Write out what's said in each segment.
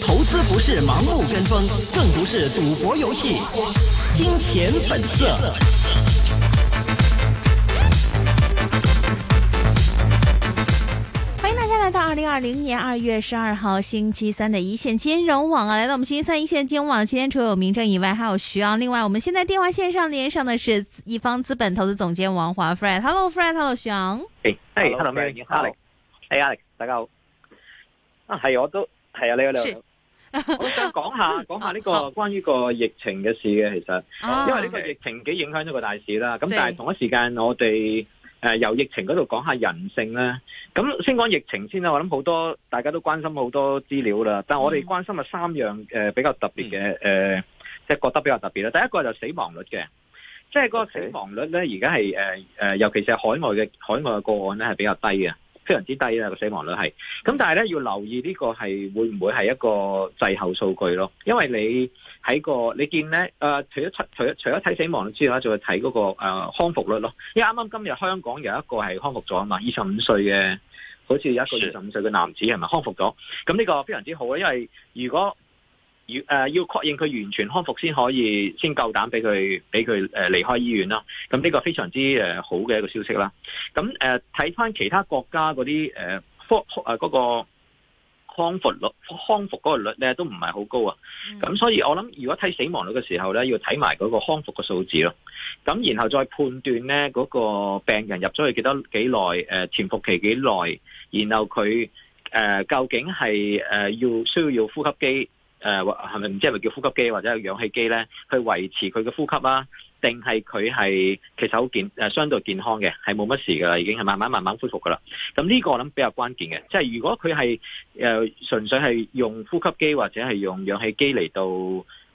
投資不是盲目跟風，更不是賭博遊戲，金錢本色。歡迎大家來到二零二零年二月十二號星期三的一線金融網啊！來到我們星期三一線金融網，今天除了有明正以外，還有徐昂。另外，我們現在電話線上連上的是易方資本投資總監王華 Fred Hello Fred，Hello 徐昂。哎，Hello h 明正，你好。係啊，大家好。啊，係，我都係啊，你好你好。我都想講下講下呢個關於個疫情嘅事嘅，其實，啊、因為呢個疫情幾影響咗個大市啦。咁但係同一時間，我哋誒由疫情嗰度講下人性啦。咁先講疫情先啦。我諗好多大家都關心好多資料啦。但係我哋關心嘅三樣誒、呃、比較特別嘅誒，即、嗯、係、呃就是、覺得比較特別啦。第一個就係死亡率嘅，即、就、係、是、個死亡率咧，而家係誒誒，尤其是係海外嘅海外嘅個案咧，係比較低嘅。非常之低啊！個死亡率係，咁但係咧要留意呢個係會唔會係一個滯後數據咯？因為你喺個你見咧，誒、呃、除咗除咗除咗睇死亡率之外，仲要睇嗰個、呃、康復率咯。因為啱啱今日香港有一個係康復咗啊嘛，二十五歲嘅好似有一個二十五歲嘅男子係咪康復咗？咁呢個非常之好啊，因為如果。要誒，要確認佢完全康復先可以，先夠膽俾佢俾佢誒離開醫院啦。咁呢個非常之誒好嘅一個消息啦。咁誒睇返其他國家嗰啲誒復誒嗰個康復率康復嗰個率咧，都唔係好高啊。咁、嗯、所以我諗，如果睇死亡率嘅時候咧，要睇埋嗰個康復嘅數字咯。咁然後再判斷咧嗰個病人入咗去幾多幾耐誒潛伏期幾耐，然後佢誒、呃、究竟係誒、呃、要需要呼吸機。誒係咪唔知係咪叫呼吸機或者氧氣機咧？去維持佢嘅呼吸啦、啊，定係佢係其實好健、呃、相對健康嘅，係冇乜事噶啦，已經係慢慢慢慢恢復噶啦。咁呢個我諗比較關鍵嘅，即係如果佢係誒純粹係用呼吸機或者係用氧氣機嚟到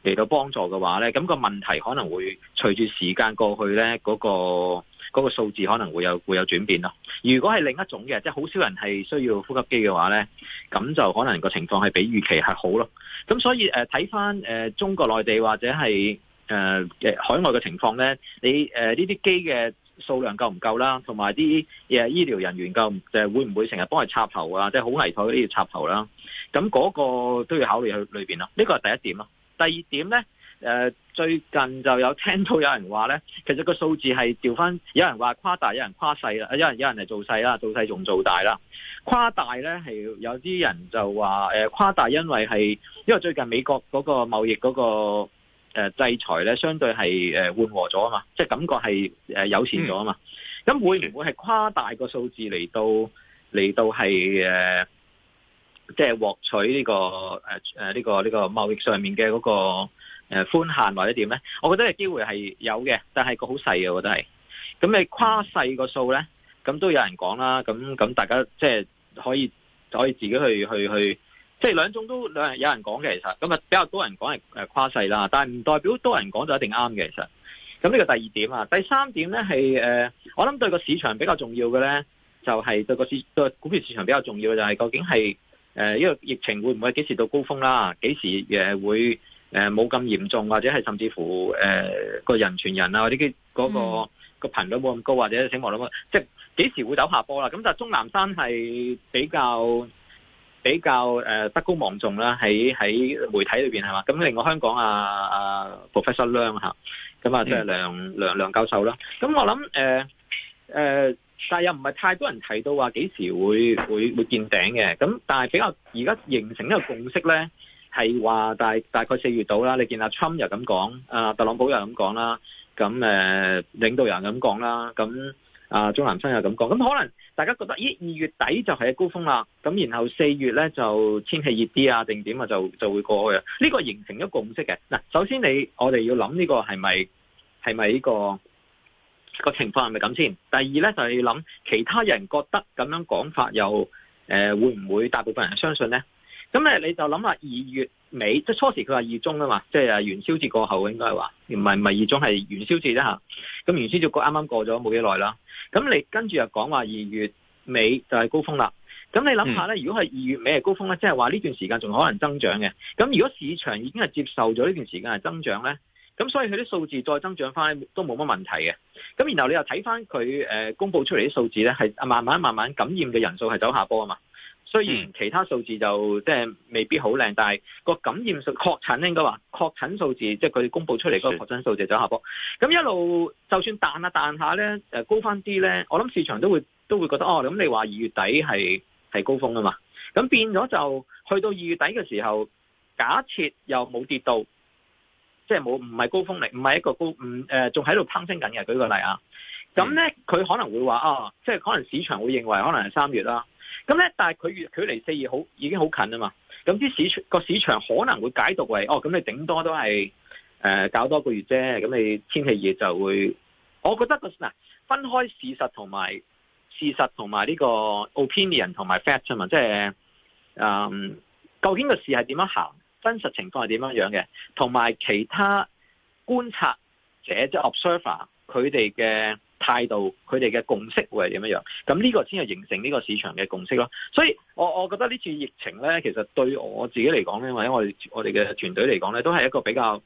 嚟到幫助嘅話咧，咁、嗰個問題可能會隨住時間過去咧嗰、嗰個。嗰、那個數字可能會有會有轉變咯。如果係另一種嘅，即係好少人係需要呼吸機嘅話咧，咁就可能個情況係比預期係好咯。咁所以睇翻誒中國內地或者係誒、呃、海外嘅情況咧，你誒呢啲機嘅數量夠唔夠啦？同埋啲誒醫療人員夠誒、呃、會唔會成日幫佢插頭啊？即係好危殆呢啲插頭啦、啊。咁嗰個都要考慮去裏邊。啦。呢個係第一點咯。第二點咧。誒，最近就有聽到有人話咧，其實個數字係調翻。有人話誇大，有人誇細啦，有人有人做細啦，做細仲做大啦。誇大咧係有啲人就話，誒誇大，因為係因為最近美國嗰個貿易嗰個誒制裁咧，相對係誒緩和咗嘛，即係感覺係誒友善咗嘛。咁、嗯、會唔會係誇大個數字嚟到嚟到係即係獲取呢、呢個呢、呢個呢、呢個呢個貿易上面嘅嗰、嗰個。誒，寬限或者點咧？我覺得嘅機會係有嘅，但係個好細嘅，我覺得係。咁你跨細個數咧，咁都有人講啦。咁咁大家即係可以可以自己去去去，即係兩種都兩有人講嘅其實。咁啊，比較多人講係誒跨細，啦，但係唔代表多人講就一定啱嘅其實。咁呢個第二點啊，第三點咧係誒，我諗對個市場比較重要嘅咧，就係、是、對個市對股票市場比較重要嘅就係、是、究竟係誒，因、呃、個疫情會唔會幾時到高峰啦？幾時誒會？誒，冇咁嚴重，或者係甚至乎誒，個人傳人啊，或者嗰個個頻率冇咁高，或者死亡率冇咁高，即係幾時會走下坡啦？咁就鍾南山係比較比較誒，德高望重啦，喺喺媒體裏邊係嘛？咁另外香港啊啊 Professor 梁嚇，咁啊即係梁梁梁教授啦。咁我諗誒誒，但係又唔係太多人提到話幾時會會會見頂嘅。咁但係比較而家形成一個共識咧，係話大大概四月到啦，你見阿春又咁講，啊特朗普又咁講啦，咁、啊、誒、呃、領導人又咁講啦，咁啊鍾南山又咁講，咁可能大家覺得，咦二月底就係高峰啦，咁然後四月咧，就天氣熱啲啊，定點啊就就會過去啊？呢、這個形成一個共識嘅嗱，首先你我哋要諗呢個係咪係咪呢個個情況係咪咁先？第二咧，就係要諗其他人覺得咁樣講法又誒、呃、會唔會大部分人相信咧？咁咧你就諗下二月尾，即係初時佢話二中啊嘛，即係元宵節過後應該話，唔係唔係二中係元宵節啫吓。咁元宵節過啱啱過咗冇幾耐啦，咁你跟住又講話二月尾就係高峰啦。咁你諗下咧，如果係二月尾係高峰咧，即係話呢段時間仲可能增長嘅。咁如果市場已經係接受咗呢段時間係增長咧，咁所以佢啲數字再增長翻都冇乜問題嘅。咁然後你又睇翻佢誒公布出嚟啲數字咧，係慢慢慢慢感染嘅人數係走下坡啊嘛。雖然其他數字就即係未必好靚，嗯，但係個感染數、確診應該話確診數字，即係佢哋公佈出嚟嗰個確診數字就下坡。咁一路就算彈啊彈下咧，呃，高翻啲咧，我諗市場都會都會覺得哦，咁你話二月底係係高峰啊嘛。咁變咗就去到二月底嘅時候，假設又冇跌到，即係冇唔係高峰嚟，唔係一個高，唔呃仲喺度攀升緊嘅。舉個例啊，咁咧佢可能會話哦，即係可能市場會認為可能係三月啦。咁咧，但係佢越佢離四月好已經好近啊嘛，咁啲市場、個市場可能會解讀為哦，咁你頂多都係誒、呃、搞多個月啫，咁你天氣熱就會，我覺得個嗱、啊、分開事實同埋事實同埋呢個 opinion 同埋 fact 嘛、就是，即係誒究竟個事係點樣行，真實情況係點樣樣嘅，同埋其他觀察者即係 observer 佢哋嘅。態度佢哋嘅共識會係點樣樣？咁呢個先係形成呢個市場嘅共識咯。所以，我我覺得呢次疫情咧，其實對我自己嚟講咧，或者我哋我哋嘅團隊嚟講咧，都係一個比較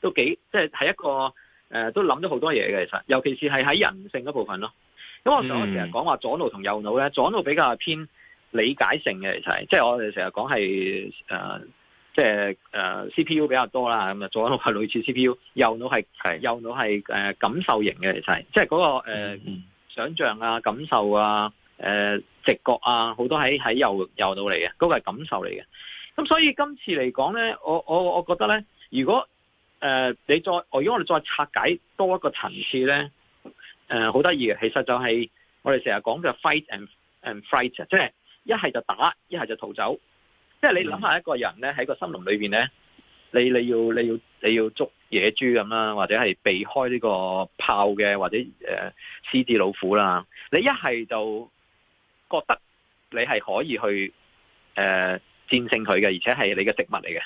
都幾即係係一個誒、呃，都諗咗好多嘢嘅。其實，尤其是係喺人性嗰部分咯。咁我、嗯、我成日講話左腦同右腦咧，左腦比較偏理解性嘅其實，即係我哋成日講係誒。呃即、就、係、是、誒，C P U 比較多啦，咁啊左腦係類似 C P U，右腦係係右腦係誒感受型嘅其實係、那個，即係嗰個誒想象啊、感受啊、誒直覺啊，好多喺喺右右腦嚟嘅，嗰、那個係感受嚟嘅。咁所以今次嚟講咧，我我我覺得咧，如果誒、呃、你再，如果我哋再拆解多一個層次咧，誒好得意嘅，其實就係我哋成日講嘅 fight and and flight，即係一係就打，一係就逃走。即係你諗下一個人咧喺個森林裏邊咧，你你要你要你要捉野豬咁啦，或者係避開呢個炮嘅，或者誒呃、獅子老虎啦。你一係就覺得你係可以去誒、呃、戰勝佢嘅，而且係你嘅食物嚟嘅。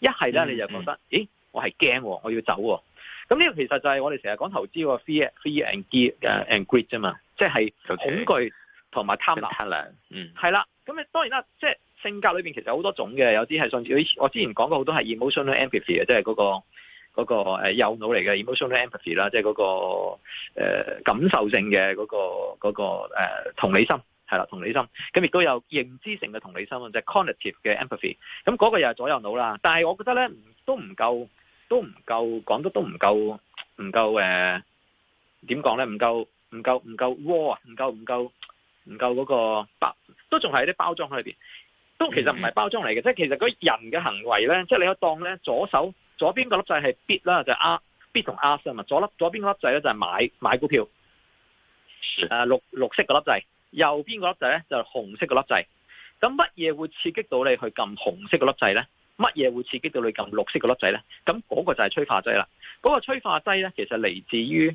一係咧你就覺得，嗯嗯、咦，我係驚，我要走。咁呢個其實就係我哋成日講投資個 Fear, Fear and Greed 嘅，and Greed 啫嘛。即係恐懼同埋貪婪。嗯、okay.，係啦。咁你當然啦，即係。性格裏面其實好多種嘅，有啲係上次我之前講過好多係 emotional empathy 嘅、那個，即係嗰個嗰個誒右腦嚟嘅 emotional empathy 啦、那個，即係嗰個誒感受性嘅嗰、那個嗰、那個同理心係啦，同理心咁亦都有認知性嘅同理心，即、就、係、是、cognitive 嘅 empathy。咁嗰個又係左右腦啦，但係我覺得咧都唔夠，都唔夠講得都唔夠，唔夠誒點講咧？唔夠，唔夠，唔夠窩啊！唔夠，唔夠，唔夠嗰個包，都仲係啲包裝喺裏面。都其實唔係包裝嚟嘅，即係其實嗰人嘅行為咧，即係你可以當咧左手左邊個粒掣係 bit 啦，就係壓 bit 同 ask 嘅嘛，左粒左邊個粒掣咧就係買買股票，誒綠綠色個粒掣，右邊個粒掣咧就係紅色個粒掣。咁乜嘢會刺激到你去撳紅色個粒掣咧？乜嘢會刺激到你撳綠色個粒掣咧？咁嗰個就係催化劑啦。嗰個催化劑咧，其實嚟自於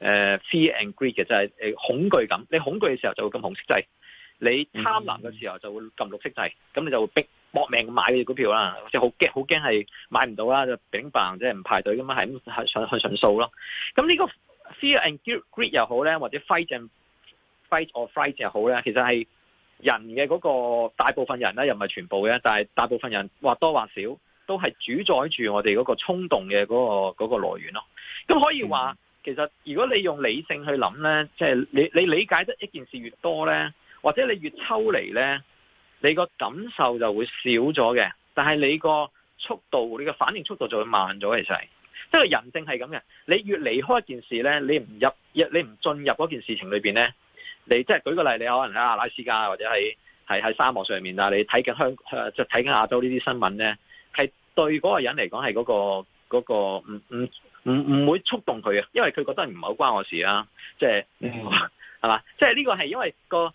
誒 Fear and Greed 嘅，就係誒恐懼感。你恐懼嘅時候就會撳紅色掣。你貪婪嘅時候就會撳綠色掣，咁你就會逼搏命買嘅股票啦，即係好驚好驚係買唔到啦，就頂棚即係唔排隊咁啊，係咁係係係純數咯。咁呢個 Fear and greed 又好咧，或者 Fight and fight or flight 又好咧，其實係人嘅嗰個大部分人咧，又唔係全部嘅，但係大部分人或多或少都係主宰住我哋嗰個衝動嘅嗰個嗰個來源咯。咁可以話，其實如果你用理性去諗咧，即係你你理解得一件事越多咧。或者你越抽離咧，你個感受就會少咗嘅。但係你個速度，你個反應速度就會慢咗。其實係，即係人性係咁嘅。你越離開一件事咧，你唔入入，你唔進入嗰件事情裏面咧，你即係舉個例，你可能喺阿拉斯加或者喺喺沙漠上面啊，你睇緊香即睇緊亞洲呢啲新聞咧，係對嗰個人嚟講係嗰個嗰個唔唔唔唔會觸動佢，因為佢覺得唔係好關我事啦、啊。即係係嘛？即係呢個係因為個。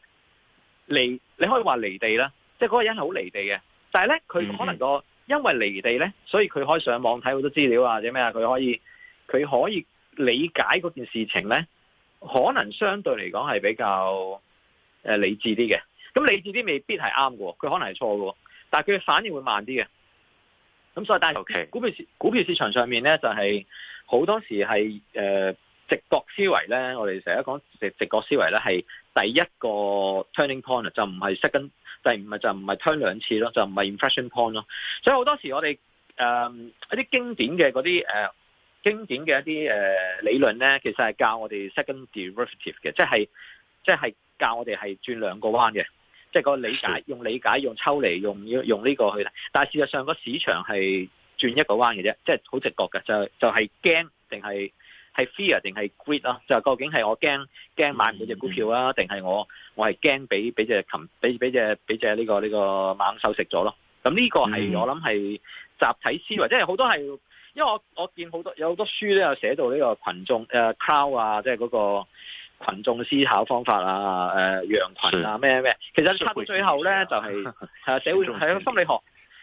離，你可以話離地啦，即係嗰個人係好離地嘅，但係咧佢可能個因為離地咧，所以佢可以上網睇好多資料啊，或者咩啊，佢可以佢可以理解嗰件事情咧，可能相對嚟講係比較誒理智啲嘅。咁理智啲未必係啱喎，佢可能係錯喎，但係佢反應會慢啲嘅。咁所以但係尤其股票市股票市場上面咧就係、是、好多時係誒。呃直覺思維咧，我哋成日講直直覺思維咧，係第一個 turning point 就唔係 second，第就唔係 turn 兩次咯，就唔係 impression point 咯。所以好多時我哋誒一啲經典嘅嗰啲誒經典嘅一啲誒、呃、理論咧，其實係教我哋 second derivative 嘅，即係即係教我哋係轉兩個彎嘅，即、就、係、是、個理解用理解用抽離用用呢個去。但係事實上個市場係轉一個彎嘅啫，即係好直覺嘅，就是、就係驚定係。係 fear 定係 greed 咯，嗯，就係、是、究竟係我驚驚買唔到隻股票啊，定、嗯、係我我係驚俾俾隻禽俾俾隻俾隻呢個呢、這個猛獸食咗咯？咁呢個係我諗係集體思維，即係好多係因為我我見好多有好多書都有寫到呢個群眾誒、呃、crowd 啊，即係嗰個羣眾思考方法啊，誒、呃、羊群啊咩咩，其實拆到最後咧、就是，就係係社會係一個心理學。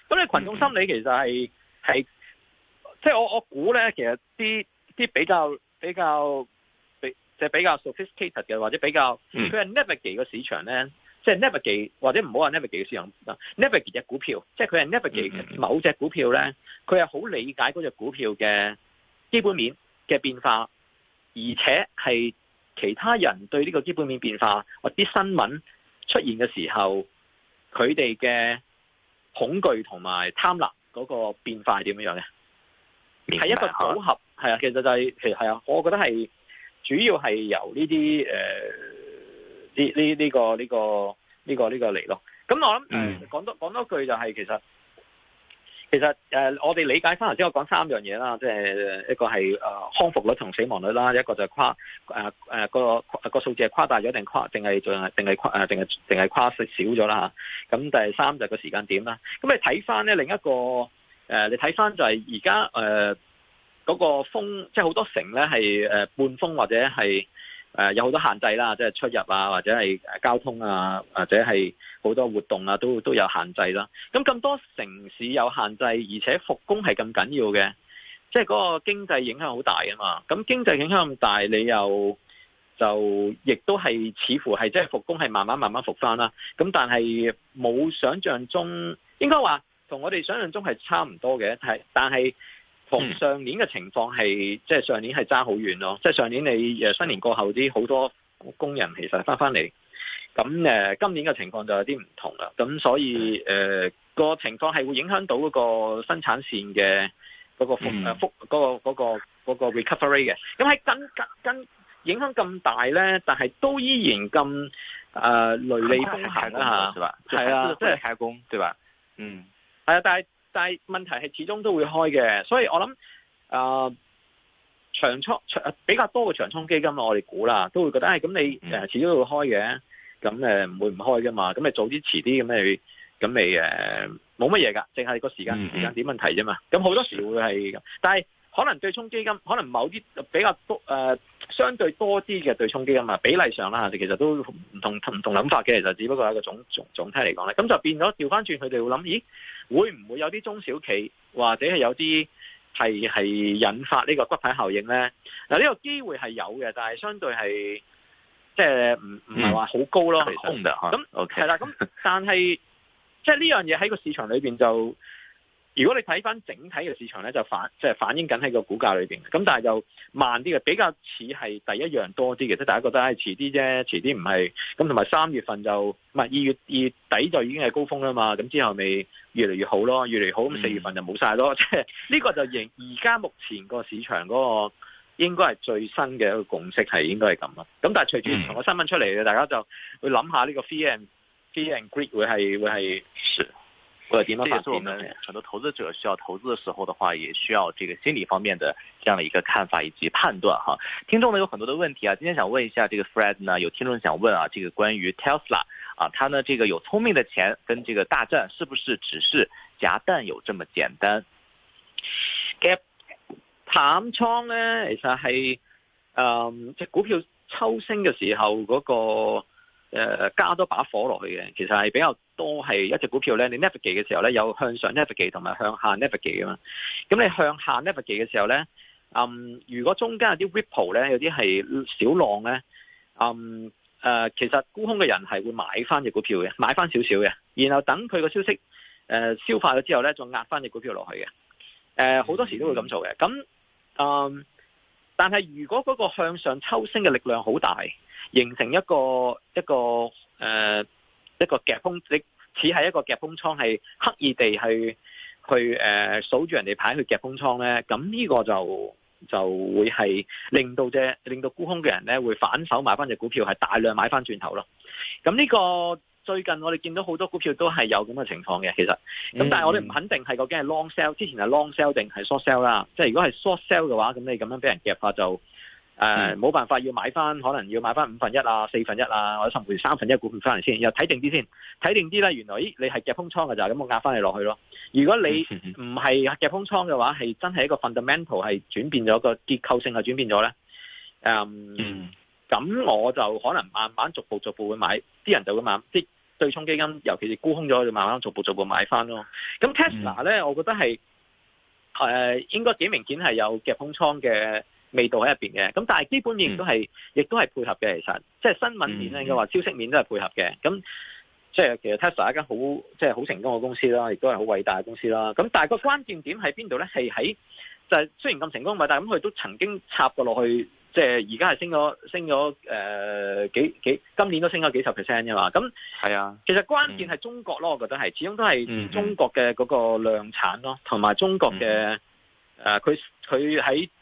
咁你群眾心理其實係係即係我我估咧，其實啲。啲比較比較比即係比較 sophisticated 嘅，或者比較佢係、嗯、Naverge 嘅市場咧，即、就、係、是、Naverge 或者唔好話 Naverge 嘅市場，Naverge 嘅股票，即係佢係 Naverge 某隻股票咧，佢係好理解嗰隻股票嘅基本面嘅變化，而且係其他人對呢個基本面變化或啲新聞出現嘅時候，佢哋嘅恐懼同埋貪婪嗰個變化係點樣樣嘅？係一個組合。係啊，其實就係、係、其實係啊，我覺得係主要係由呢啲誒呢呢呢個呢、呢個呢、呢個呢嚟咯。咁我諗講、嗯呃、多講多句就係、係、其實其實、呃、我哋理解翻頭先我講三樣嘢啦，即係一個係、呃、康復率同死亡率啦，一個就係誇誒誒個個數字係誇大咗定誇定係定定定誇少咗啦嚇。咁第三就係個時間點啦。咁你睇翻咧另一個、呃、你睇翻就係而家嗰個封即係好多城咧係半封或者係誒有好多限制啦，即係出入啊或者係交通啊或者係好多活動啊都都有限制啦。咁咁多城市有限制，而且復工係咁緊要嘅，即係嗰個經濟影響好大啊嘛。咁經濟影響咁大，你又就亦都係似乎係即係復工係慢慢慢慢復翻啦。咁但係冇想象中，應該話同我哋想象中係差唔多嘅，但係。嗯、上年嘅情況係，即係上年係爭好遠咯。即係上年你新年過後啲好多工人其實翻翻嚟，咁、呃、今年嘅情況就有啲唔同啦。咁所以誒個、呃、情況係會影響到個生產線嘅嗰個復誒、嗯、復嗰、嗰個、嗰個、嗰個 recovery 嘅。咁喺跟跟影響咁大咧，但係都依然咁誒雷厲風行啦嚇，係啊，再、啊、開工對吧？嗯，係啊，但係。但係問題係始終都會開嘅，所以我諗啊、呃、長倉比較多嘅長沖基金我哋估啦都會覺得咁、哎、你誒、呃、始終都會開嘅，咁誒唔會唔開噶嘛，咁你早啲遲啲咁你咁你誒冇乜嘢噶，淨係個時間時間點問題啫嘛，咁好多時會係，但係可能對沖基金可能某啲比較多誒。呃相對多啲嘅對沖基金啊，比例上啦嚇，其實都唔同唔同諗法嘅，其實只不過係一個總總總體嚟講咧，咁就變咗調，翻轉，佢哋會諗，咦，會唔會有啲中小企或者係有啲係係引發呢個骨牌效應咧？嗱，呢個機會係有嘅，但係相對係即係唔唔係話好高咯、嗯，空嘅嚇。咁 OK，係啦。咁但係即係呢樣嘢喺個市場裏邊就。如果你睇翻整體嘅市場咧，就反即係、就是、反映緊喺個股價裏面。咁但係就慢啲嘅，比較似係第一樣多啲嘅，即係大家覺得係遲啲啫，遲啲唔係。咁同埋三月份就唔係二月、二月底就已經係高峰啦嘛，咁之後咪越嚟越好咯，越嚟好，咁四月份就冇晒咯。即係呢個就仍而家目前個市場嗰、嗰個應該係最新嘅一個共識係應該係咁啦。咁但係隨住同個新聞出嚟嘅，大家就會諗下呢個 Fear Fear and Greed 會係會係。這也是我們很多投資者需要投資的時候的話，也需要這個心理方面的這樣的一個看法以及判斷哈。聽眾呢，有很多的問題啊，今天想問一下這個 Fred 呢，有聽眾想問啊，這個關於 Tesla 啊，他呢這個有聰明的錢跟這個大戰是不是只是夾淡倉有這麼簡單？夾淡倉呢，其實係誒，即係股票抽升嘅時候嗰，這個。誒，加多把火落去嘅，其實係比較多係一隻股票咧。你 navigate 嘅時候咧，有向上 navigate 同埋向下 navigate 嘅嘛。咁你向下 navigate 嘅時候咧，嗯，如果中間有啲 ripple 咧，有啲係小浪咧，嗯，誒、呃，其實沽空嘅人係會買翻隻股票嘅，買翻少少嘅，然後等佢個消息誒、呃、消化咗之後咧，再壓翻隻股票落去嘅。誒、呃，好多時都會咁做嘅。咁，嗯，但係如果嗰個向上抽升嘅力量好大。形成一個一個誒、呃、一個夾空，即似係一個夾空倉，係刻意地去去誒數住人哋牌去夾空倉咧。咁呢個就就會係令到啫，令到沽空嘅人咧會反手買返隻股票，係大量買返轉頭咯。咁呢個最近我哋見到好多股票都係有咁嘅情況嘅，其實咁，但係我哋唔肯定係究竟係 long sell 之前係 long sell 定係 short sell 啦。即係如果係 short sell 嘅話，咁你咁樣俾人夾下就。誒、呃，冇辦法，要買翻，可能要買翻五分一啊、四分一啊，或者甚至三分一股票翻嚟先，又睇定啲先，睇定啲咧，原來咦你係夾空倉嘅就咁，我壓翻你落去咯。如果你唔係夾空倉嘅話，係真係一個 fundamental 係轉變咗，個結構性係轉變咗咧。誒、嗯、咁、嗯、我就可能慢慢逐步逐步會買，啲人就會慢，慢，即對沖基金，尤其是沽空咗，就慢慢逐步逐步買翻咯。咁 Tesla 咧，我覺得係誒、呃，應該幾明顯係有夾空倉嘅。味道喺入面嘅，咁但係基本面都係、嗯，亦都係配合嘅。其實，即係新聞面咧，應該話消息面都係配合嘅。咁即係其實 Tesla 一間好，即係好成功嘅公司啦，亦都係好偉大嘅公司啦。咁但係個關鍵點喺邊度咧？係喺就係雖然咁成功，但係咁佢都曾經插過落去，即係而家係升咗升咗誒、呃、幾幾今年都升咗幾十 percent 嘅嘛。咁係啊，其實關鍵係中國咯，我覺得係，始終都係中國嘅嗰個量產咯，同、嗯、埋、嗯、中國嘅誒佢佢喺。嗯嗯呃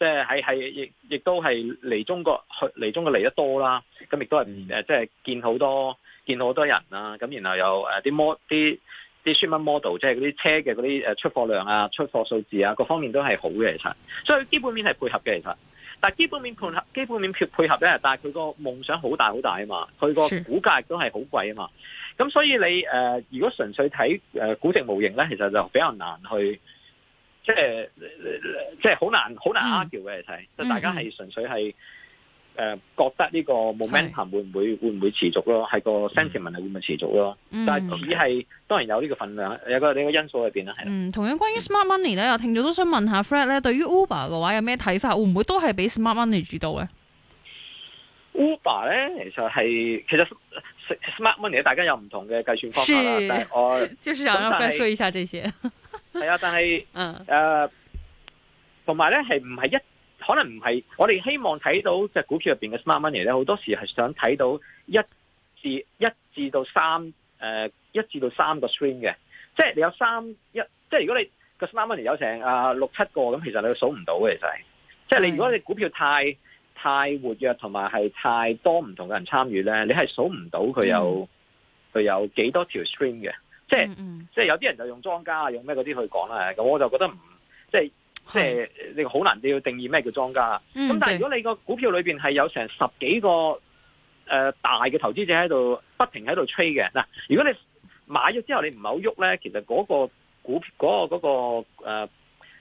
即係係亦亦都係嚟中國去嚟中國嚟得多啦，咁亦都係即係見好多見好多人啦，咁然後又誒啲模啲啲商品 model，即係嗰啲車嘅嗰啲出貨量啊、出貨數字啊，各方面都係好嘅其實，所以基本面係配合嘅其實，但基本面配合基本面配合咧，但係佢個夢想好大好大啊嘛，佢個股價亦都係好貴啊嘛，咁所以你、呃、如果純粹睇誒估值模型咧，其實就比較難去。即係即係好難好難 argue 嘅，你睇，就、嗯、大家係純粹係誒、呃嗯、覺得呢個 momentum 會唔會會唔會持續咯？係個 sentiment 會唔會持續咯、嗯？但係只係當然有呢個分量，有個呢個因素喺邊啦。係、嗯。同樣關於 smart money 咧，我聽咗都想問一下 Fred 咧，對於 Uber 嘅話有咩睇法？會唔會都係俾 smart money 主導咧？Uber 咧，其實係其實 smart money 大家有唔同嘅計算方法啦。但我 就是想讓 Fred 說一下這些。 係啊，但係誒，同埋咧係唔係一可能唔係，我哋希望睇到隻、就是、股票入邊嘅 Smart Money 咧，好多時係想睇到一至一至到三誒、呃，一至到三個 stream 嘅，即係你有三一，即係如果你個 Smart Money 有成啊、呃、六七個咁，其實你都數唔到嘅，其實係，即係你如果你股票太太活躍同埋係太多唔同嘅人參與咧，你係數唔到佢有佢、嗯、有幾多條 stream 嘅。即、嗯、係、嗯，即係有啲人就用莊家啊，用咩嗰啲去講啦。咁我就覺得唔，即係、嗯、即係你好難要定義咩叫莊家啦。咁但係如果你個股票裏邊係有成十幾個誒、呃、大嘅投資者喺度不停喺度 trade 嘅嗱，如果你買咗之後你唔好喐咧，其實嗰個股嗰、嗰個嗰、嗰個、呃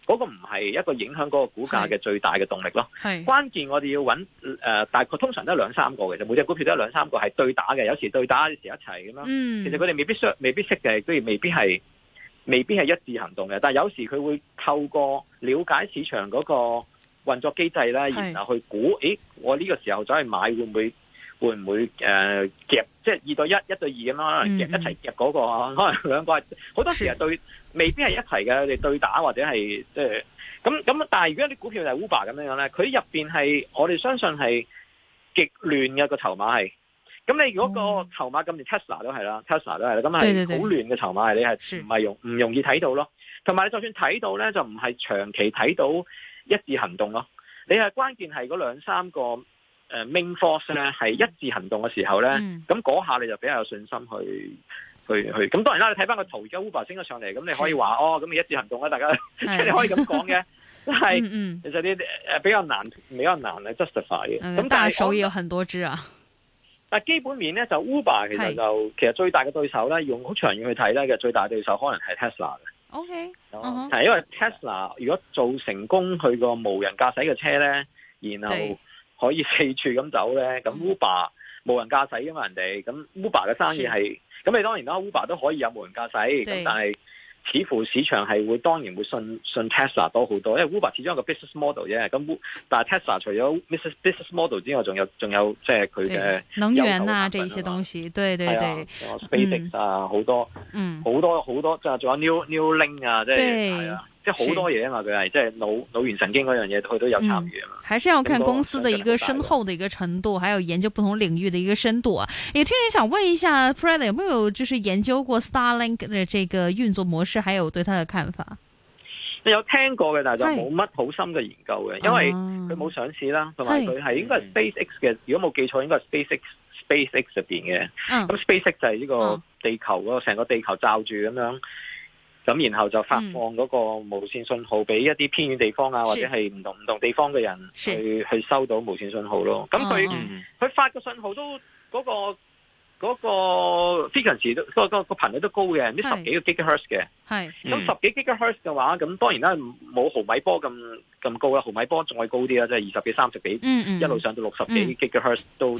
嗰、那個唔係一個影響嗰個股價嘅最大嘅動力咯，關鍵我哋要揾誒、呃、大概通常都係兩三個嘅啫，每隻股票都係兩三個係對打嘅，有時對打時候一齊咁樣，其實佢哋未必需未必識嘅，雖然未必係未必係一致行動嘅，但係有時佢會透過了解市場嗰個運作機制咧，然後去估，誒、欸、我呢個時候走去買會唔會會唔會誒、呃、夾，即係二對一、嗯、一對二咁樣，可能夾一齊夾嗰個，可能兩個好多時係對。未必係一齊嘅，你對打或者係即係咁咁。但係如果啲股票係 Uber 咁樣樣咧，佢入邊係我哋相信係極亂嘅個籌碼係。咁你如果個籌碼咁，連、嗯、Tesla 都係啦，Tesla 都係啦，咁係好亂嘅籌碼係，你係唔係容唔容易睇到咯？同埋你就算睇到咧，就唔係長期睇到一致行動咯。你係關鍵係嗰兩三個誒 main force 咧係一致行動嘅時候咧，咁、嗯、嗰下你就比較有信心去。去去咁，當然啦！你睇翻個圖，而家 Uber 升咗上嚟，咁你可以話哦，咁你一次行動啦，大家 你可以咁講嘅，都係、 嗯嗯、其實啲比較難，比較難去 justify 嘅。咁但係手也有很多支啊。但係基本面咧，就 Uber 其實就其實最大嘅對手咧，用好長遠去睇咧嘅其實最大對手可能係 Tesla 嘅。OK，係因為 Tesla 如果做成功佢個無人駕駛嘅車咧，然後可以四處咁走咧，咁 Uber。無人駕駛噶嘛人哋，咁 Uber 嘅生意係，咁你當然啦，Uber 都可以有無人駕駛，咁但係似乎市場係會當然會信信 Tesla 多好多，因為 Uber 始終有個 business model 啫，咁但係 Tesla 除咗 business model 之外還，仲有仲有即係佢嘅能源啊，這些東西，對對對，啊 Space 啊，好多，嗯，好多好多，即係仲有 New New Link 啊，即係係啊。好多嘢嘛，佢係即係腦腦源神經嗰樣嘢，佢都有參與啊。還是要看公司的一個深厚的一個程度，還有研究不同領域的一個深度啊。有聽人想問一下 Fred，有冇有就是研究過 Starlink 的這個運作模式，還有對他的看法？有聽過嘅，但係就冇乜好深嘅研究嘅，因為佢冇上市啦，同埋佢係應該係 SpaceX 嘅。如果冇記錯，應該係 SpaceX SpaceX 入邊嘅。咁 SpaceX 就係呢個地球個成個地球罩住咁樣。咁，然後就發放嗰個無線信號俾一啲偏遠地方啊，或者係唔同唔同地方嘅人去去收到無線信號咯。咁佢佢發個信號都嗰個嗰個 frequency 嗰個頻率都高嘅，呢十幾個 GHz 嘅。係咁十幾 GHz Hertz 嘅話，咁當然啦，冇毫米波咁咁高啦。毫米波再高啲啦，即係二十幾、三十幾，一路上到六十幾 GHz，Hertz 都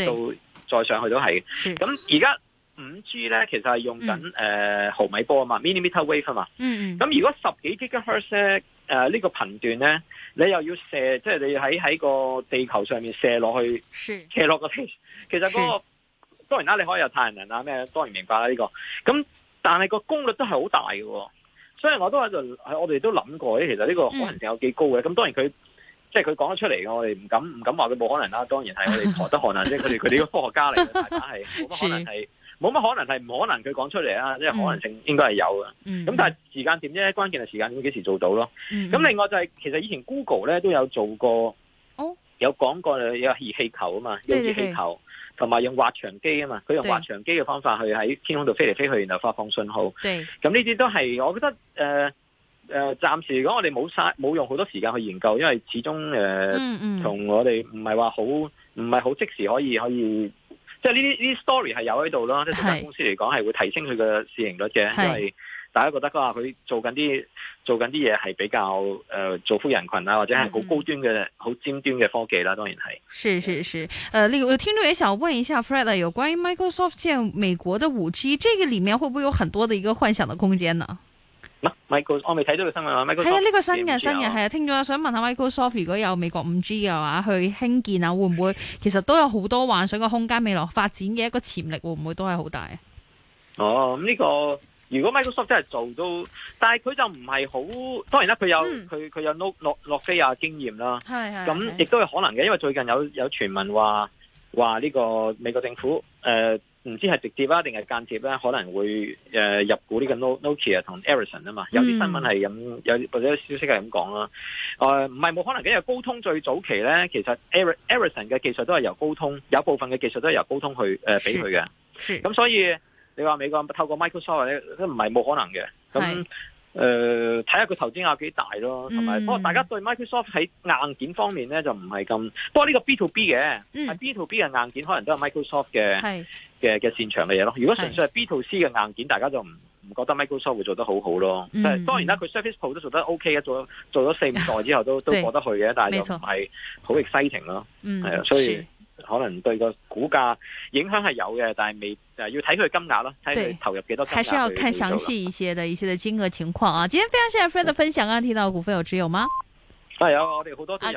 再上去都係。咁而家。五 G 咧，其實係用緊誒、嗯呃、毫米波啊嘛，millimeter wave 啊嘛。咁、嗯、如果十幾吉吉赫茲誒呢、呃這個頻段咧，你又要射，即係你喺喺個地球上面射落去，射落個天，其實嗰、那個當然啦，你可以有太陽能啊咩，當然明白啦呢、這個。咁但係個功率都係好大嘅，所以我都喺度，我哋都諗過咧，其實呢個可能性有幾高嘅。咁、嗯、當然佢即係佢講得出嚟，嘅，我哋唔敢唔敢話佢冇可能啦。當然係我哋何德何能，即係佢哋佢哋個科學家嚟，嘅，大家係冇乜可能係。 冇乜可能係唔可能，佢講出嚟啊！因為可能性應該係有嘅。咁、嗯、但係時間點啫，關鍵係時間點幾時做到咯。咁、嗯、另外就係、是、其實以前 Google 咧都有做過，哦、有講過有熱氣球啊嘛，用熱氣球同埋用滑翔機啊嘛，佢用滑翔機嘅方法去喺天空度飛嚟飛去，然後發放信號。咁呢啲都係，我覺得誒誒、呃呃，暫時如果我哋冇晒冇用好多時間去研究，因為始終誒，同、呃嗯嗯、我哋唔係話好唔係好即時可以可以。即係呢啲呢 story 係有喺度咯，即係公司嚟講係會提升佢嘅市盈率嘅，因為大家覺得嘅話佢做緊啲做緊啲嘢係比較誒造福人群啦，或者係好高端嘅好、嗯、尖端嘅科技啦，當然係。是是是，誒，呢、呃、個聽眾也想問一下 Fred 啊，有關於 Microsoft 建美國嘅 5G，這個裏面會不會有很多嘅一個幻想嘅空間呢？m i 我未睇到佢新聞啊。Michael，、這、係、個、啊，呢個新嘅新嘅係啊，聽咗想問下 Microsoft，如果有美國五 G 嘅話，去興建啊，會唔會其實都有好多幻想嘅空間未來發展嘅一個潛力，會唔會都係好大啊？哦，咁、嗯、呢、這個如果 Microsoft 真係做到，但係佢就唔係好，當然啦，佢、嗯、有佢佢有諾諾基亞經驗啦，係係，咁亦都有可能嘅，因為最近有有傳聞話話呢個美國政府誒。呃唔知係直接啦，定係間接咧，可能會誒、呃、入股呢個 Nokia 同 Ericsson 啊嘛，有啲新聞係咁，有或者消息係咁講啦。誒、呃，唔係冇可能嘅，因為高通最早期咧，其實 Ericsson 嘅技術都係由高通，有部分嘅技術都係由高通去誒俾佢嘅。咁、呃、所以你話美國透過 Microsoft 咧，都唔係冇可能嘅。誒、呃，睇下佢投資額幾大咯，同埋、嗯、不過大家對 Microsoft 喺硬件方面咧就唔係咁。不過呢個 B to B 嘅，B to B 嘅硬件可能都係 Microsoft 嘅嘅嘅擅長嘅嘢咯。如果純粹係 B to C 嘅硬件，大家就唔唔覺得 Microsoft 會做得好好咯。嗯、當然啦，佢 Surface Pro 都做得 OK 嘅，做做咗四五代之後都 都過得去嘅，但係就唔係好 exciting 咯。係、嗯、啊，所以。可能對個股價影響係有嘅，但係未誒、呃，要睇佢嘅金額咯，睇佢投入幾多金額。還是要看詳細一些的一些嘅金額情況啊！今天非常謝謝 friend 嘅分享，啊，剛才提到股份有持有嗎？係有，我哋好多都有、啊。